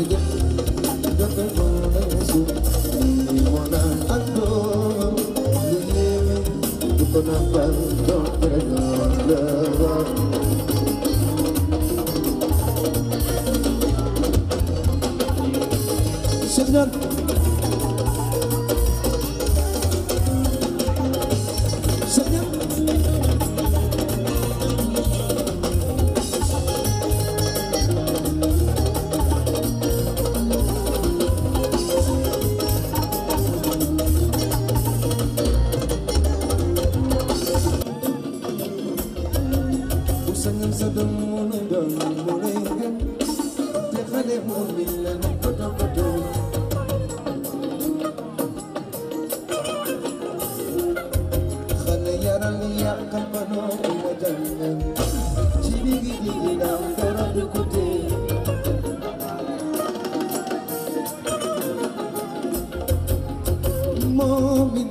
Oye. sañal sa doom mu ne doom mu ne gëm xale mu min la ne ko xale yaral yàqal ba noo ko ma jàngal ci digi digi daam dara du ko tee moo min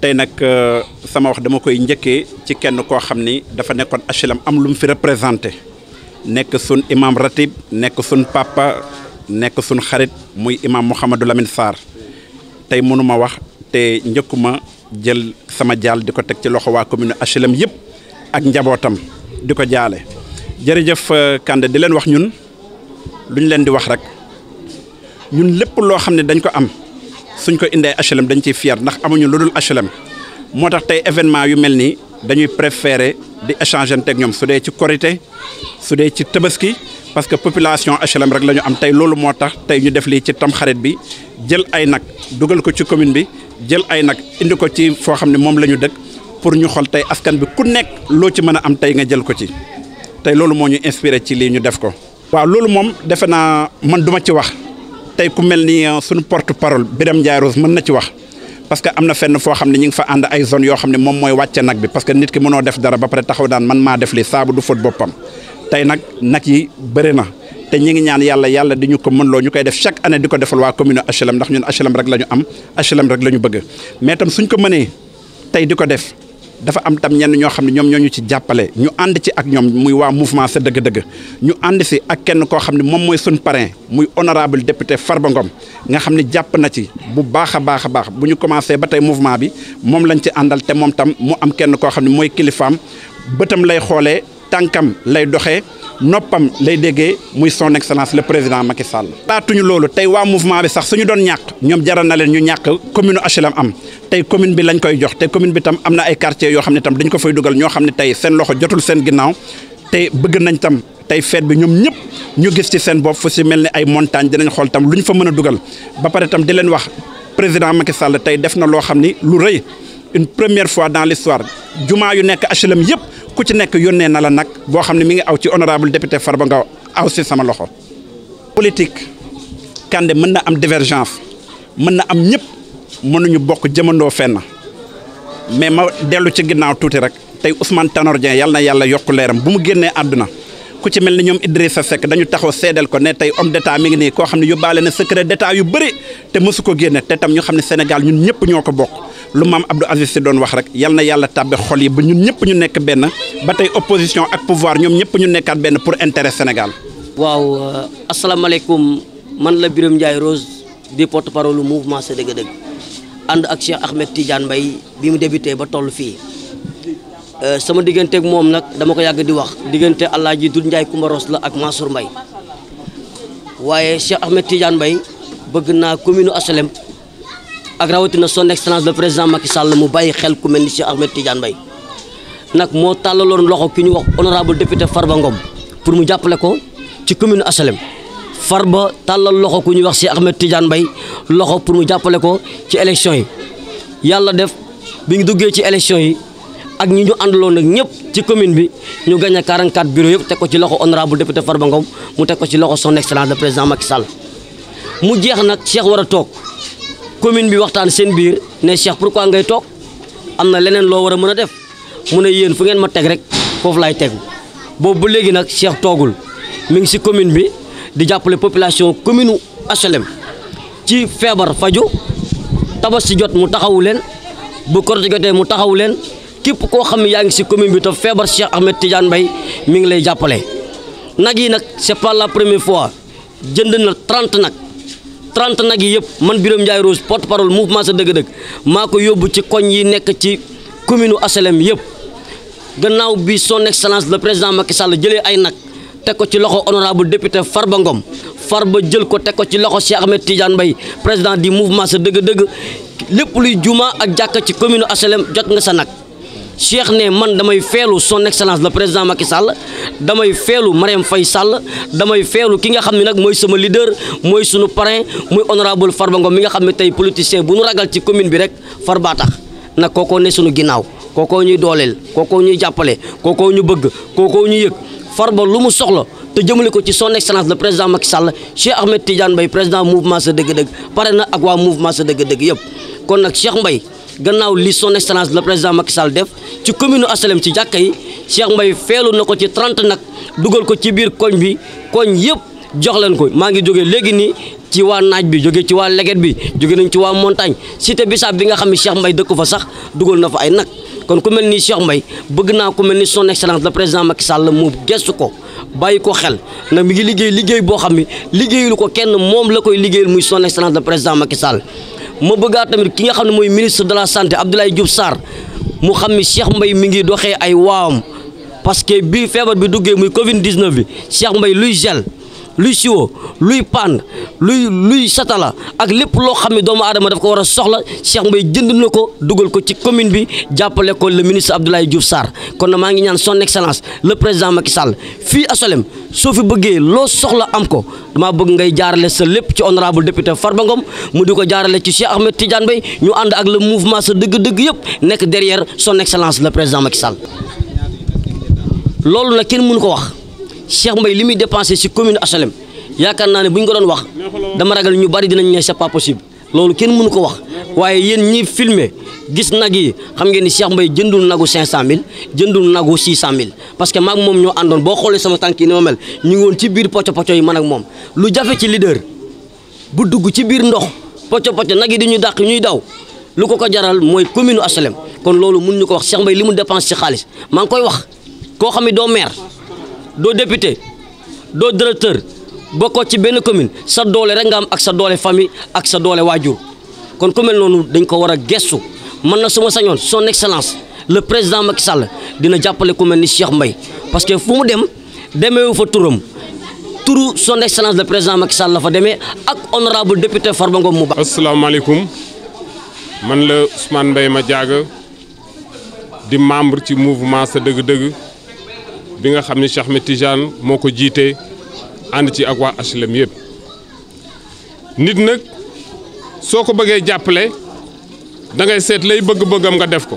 tey nag euh, sama wax dama koy njëkkee ci kenn koo xam ni dafa nekkoon HLM am lu mu fi représenté nekk sun imam ratib nekk sun papa nekk sun xarit muy imam Mouhamadou Lamine Sarr tey mënuma wax te njëkkuma jël sama jaal di ko teg ci loxo waa commune HLM yëpp ak njabootam di ko jaale jërëjëf euh, Kande di leen wax ñun lu ñu leen di wax rek ñun lépp loo xam ne dañ ko am suñ ko indee HLM dañ ciy fier ndax amuñu lu dul HLM moo tax tey événement yu mel nii dañuy préféré di échanger teg ñoom su dee ci korité su dee ci tabaski parce que population HLM rek la ñu am tey loolu moo tax tey ñu def lii ci tamxarit bi jël ay nag dugal ko ci commune bi jël ay nag indi ko ci foo xam ne moom la ñu dëkk pour ñu xool tey askan bi ku nekk loo ci mën a am tey nga jël ko ci tey loolu moo ñu inspiré ci lii ñu def ko. waaw loolu man duma ci wax. tey ku mel ni euh, suñu porte parole Birame Ndiaye Rose mën na ci wax parce que am na fenn foo xam ne ñu ngi fa ànd ay zone yoo xam ne moom mooy wàcce nag bi parce que nit ki mënoo def dara ba pare taxaw daan man maa def li saabu du fóot boppam tey nag nag yi bëri na te ñi ngi ñaan yàlla yàlla di ñu ko mën loo ñu koy def chaque année di ko defal waa commune HLM ndax ñun HLM rek la ñu am HLM rek la ñu bëgg mais tam suñ ko mënee tey di ko def dafa am tam ñenn ñoo xam ne ñoom ñoo ñu ci jàppale ñu ànd ci ak ñoom muy waa mouvement sa dëgg-dëgg ñu ànd si ak kenn koo xam ne moom mooy sun parrain muy honorable député Farba Ngom nga xam ne jàpp na ci bu baax a baax a baax bu ñu commencé ba tey mouvement bi moom lañ ci àndal te moom tam mu am kenn koo xam ne mooy kilifaam bëtam lay xoolee. tankam lay doxé noppam lay déggee muy son excellence le président Macky Sall. xalaatuñu lolu tay wa mouvement bi sax suñu doon ñàkk ñom jaral na leen ñu ñàkk commune HLM am tay commune bi lañ koy jox te commune bi tam amna ay quartier yo xam tam dañ ko fay duggal ño xam tay sen loxo jotul sen ginnaw te bëgg nañ tam tay fête bi ñom ñëpp ñu gis ci sen bop fu ci melni ay montagne dinañ xol tam luñ fa mëna duggal ba paré tam di leen wax président Macky Sall tay def na loo lu reuy une première fois dans l'histoire Juma yu nekk HLM yep. ku ci nekk yónnee na la nag boo xam ne mi ngi aw ci honorable député Farba nga aw si sama loxo. politique Kande mën na am divergence mën na am ñëpp mënuñu bokk jëmandoo fenna mais ma dellu ci ginnaaw tuuti rek tey Ousmane Tanor Dieng yàlla na yàlla yokk leeram bu mu génnee àdduna. ku ci mel ni ñoom Idrissa Seck dañu taxaw seedeel ko ne tey homme d'état mi ngi nii koo xam ne yóbbaale na secret d'état yu bëri te mësu ko génne te tam ñu xam ne Sénégal ñun ñëpp ñoo ko bokk. lu maam Abdou Aziz si doon wax rek yal na yàlla tàbbe xol yi ba ñun ñëpp ñu nekk benn ba tey opposition ak pouvoir ñoom ñëpp ñu nekkaat benn pour intérêt Sénégal. waaw euh, asalaamaaleykum man la biram Ndiaye Rose di porte parole lu mouvement Sa Dëgg Dëgg ànd ak Cheikh Ahmed Tidiane Mbaye bi mu débuté ba toll fii euh, sama digganteeg moom nag dama ko yàgg di wax diggante ji Dul Ndiaye Kumba Rose la ak Mansour Mbaye waaye Cheikh Ahmed Tidiane Mbaye bëgg naa commune u ak rawatina son excellence le président Macky Sall mu bàyyi xel ku mel ni Cheikh Ahmed Tidiane Mbaye nag moo tàllaloon loxo ki ñu wax honorable député Farba Ngom pour mu jàppale ko ci commune Asalem Farba tàllal loxo ku ñuy wax Cheikh Ahmed Tidiane bay loxo pour mu jàppale ko ci élection yi yàlla def bi ñu duggee ci élection yi ak ñi ñu àndaloon nag ñëpp ci commune bi ñu gagné 44 bureaux yëpp teg ko ci loxo honorable député Farba Ngom mu teg ko ci loxo son excellence le président Macky Sall mu jeex nag Cheikh war a toog. commune bi waxtan seen bir ne Cheikh pourquoi ngay tok am na leneen lo wara a def mune yeen fu ngeen ma tek rek foofu lay tek bo bu legui nak Cheikh togul mi ngi si commune bi di jappale population commune aslem ci febar faju tabass si jot mu taxawu bu korite jotee mu taxawu leen képp xam ya ngi si commune bi to febar Cheikh Ahmed Tidiane bay mi ngi lay jappale nak yi nag c'est pas la première fois jënd na 30 nak 30 nag yi yëpp man Birame Ndiaye Rose porte parole mouvement sa dëgg-dëgg maa ko yóbbu ci koñ yi nekk ci commune HLM yëpp gannaaw bi son excellence la président Macky la jëlee ay nag teg ko ci loxo honorable far ba Ngom ba jël ko teg ko ci loxo Cheikh Ahmed Tidiane Mbaye président du mouvement sa dëgg-dëgg lépp luy juma ak jàkk ci commune HLM jot nga sa nag. Cheikh ne man damay feelu son excellence le président Macky Sall damay feelu Marème fay Sall damay feelu ki nga xam ne nag mooy sama leader mooy sunu parrain muy honorable Farba Ngom mi nga xam ne tey politicien bu nu ragal ci commune bi rek Farba tax nag kookoo ne sunu ginnaaw kookoo ñuy dooleel kookoo ñuy jàppale kookoo ñu bëgg kookoo ñu yëg Farba lu mu soxla te jëmale ko ci son excellence le président Macky Sall Cheikh Ahmed Tidiane Mbaye président mouvement sa dëgg-dëgg pare na ak waa mouvement sa yëpp kon nag Cheikh Mbaye gannaaw li son excellence la président Macky Sall def ci commune Asalem ci jàkka yi Cheikh mbay feelu na ko ci 30 nag dugal ko ci biir koñ bi koñ yëpp jox leen ko maa ngi jógee léegi nii ci waa naaj bi jóge ci waa leget bi jóge nañ ci waa montagne cité bisaab bi nga xam ne Cheikh Mbaye dëkk fa sax dugal na fa ay nag kon ku mel nii Cheikh mbay bëgg naa ku mel ni son excellence le président Macky Sall mu gestu ko bàyyi ko xel nag mi ngi liggéey liggéey boo xam ne liggéeyul ko kenn moom la koy liggéeyal muy son excellence le président Macky Sall ma bëggaat tamit ki nga xam ne mooy ministre de la santé Abdoulaye Diouf Sarr mu xam ni Cheikh mbay mi ngi doxee ay waawam parce que bii feebar bi duggee muy Covid 19 bi Cheikh mbay luy gel luy siwo luy paan luy luy satala ak lépp loo xam ne doomu aadama daf ko war a soxla Cheikh Mbaye jënd na ko dugal ko ci commune bi jàppale ko le ministre Abdoulaye Diouf Sarr kon na maa ngi ñaan son excellence le président Macky Sall fii asolem soo fi bëggee loo soxla am ko damaa bëgg ngay jaarale sa lépp ci honorable député Farba Ngom mu di ko jaarale ci Cheikh Ahmed Tidiane Mbaye ñu ànd ak le mouvement sa dëgg-dëgg yëpp nekk derrière son excellence le président Macky Sall loolu kenn mënu ko wax cheikh mbay limi dépenser ci commune HLM yakarna naa ne buñ ko don wax dama ragal ñu bari dinañ ne c'est pas possible loolu kenn mënu ko wax waye yeen ñi filmer gis nag yi xam ngeen ni Cheikh mbay jëndul nagu 500000 jëndul nagu 600000 parce que mak mom ñoo andon bo xolé sama tanki ni mo mel ñu ngi won ci biir pocho pocho yi man ak mom lu jafe ci leader bu dugg ci biir ndox pocho pocho nag yi di ñu dàq ñuy daw lu ko ko jaral moy commune HLM kon loolu mënu ñu ko wax Cheikh mbay limu mu dépense ci xaalis mang koy wax ko xamni do doo député doo directeur bokkoo ci benn commune sa doole rek nga am ak sa doole famille ak sa doole waajur kon ku mel noonu dañ ko war a gestu man na suma sañoon son excellence le président Macky Sall dina jàppale ku ni Cheikh mbay parce que fu mu dem demeewu fa turam turu son excellence la président Macky Sall la fa demee ak honorable député Farba Ngom mu baax. asalaamaaleykum man la mbay ma Madiaga di membre ci mouvement sa dëgg-dëgg. bi nga xam ni Cheikh Ahmed moo ko jiitee ànd ci ak waa HLM yëpp nit nag soo ko bëggee jàppale da ngay seet lay bëgg-bëggam nga def ko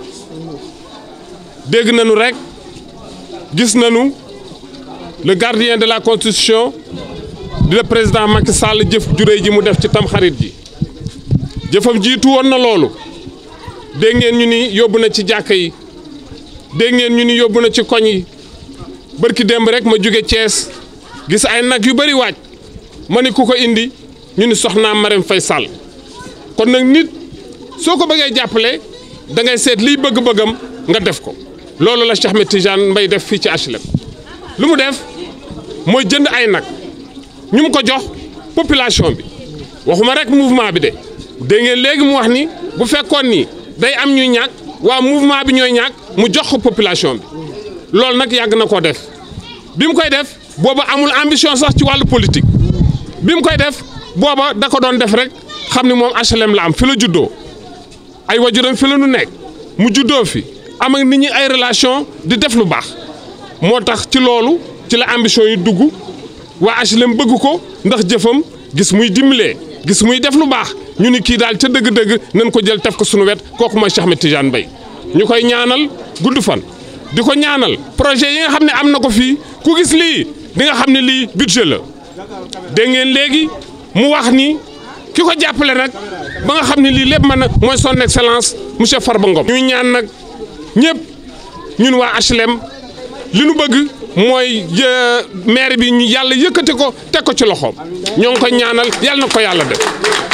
dégg nañu rek gis nanu le gardien de la constitution di le président Macky sàll jëf juré ji mu def ci tamxarit ji jëfam jiitu woon na loolu dégg ngeen ñu ni yóbbu na ci jàkk yi dégg ngeen ñu ni yóbbu na ci koñ yi. bërki demb rek ma jóge Thiès gis ay nag yu bari waaj ma ni ku ko indi ñu ni soxnaa Marème fay sàll kon nag nit soo ko bëggee jàppale da ngay seet liy bëgg-bëggam nga def ko loolu la Cheikh Ahmed Tidiane def fii ci HLM lu mu def mooy jënd ay nag ñu mu ko jox population bi waxuma rek mouvement bi de dégg ngeen léegi mu wax ni bu fekkoon ni day am ñuy ñàkk waa mouvement bi ñooy ñàkk mu jox ko population bi loolu nag yàgg na ko def bi mu koy def booba amul ambition sax ci wàllu politique bi mu koy def booba da ko doon def rek xam ni moom HLM la am fi la juddoo ay wajuram fi la nu nekk mu juddoo fi am ak nit ñi ay relation di def lu baax moo tax ci loolu ci la ambition yi dugg waa HLM bëgg ko ndax jëfam gis muy dimbalee gis muy def lu baax ñu ni kii daal ca dëgg-dëgg nan ko jël taf ko sunu wet kooku mooy Cheikh Ahmed bay ñu koy ñaanal gudd fan di ko ñaanal projet yi nga xam ne am na ko fii ku gis lii di nga xam ne lii budget la dégg ngeen léegi mu wax nii ki ko jàppale nag ba nga xam ne lii lépp mën na mooy son excellence monsieur Farba Ngom. ñuy ñaan nag ñëpp ñun waa HLM li nu bëgg mooy maire bi ñu yàlla yëkkate ko teg ko ci loxoom ñoo ngi koy ñaanal yàlla na ko yàlla def.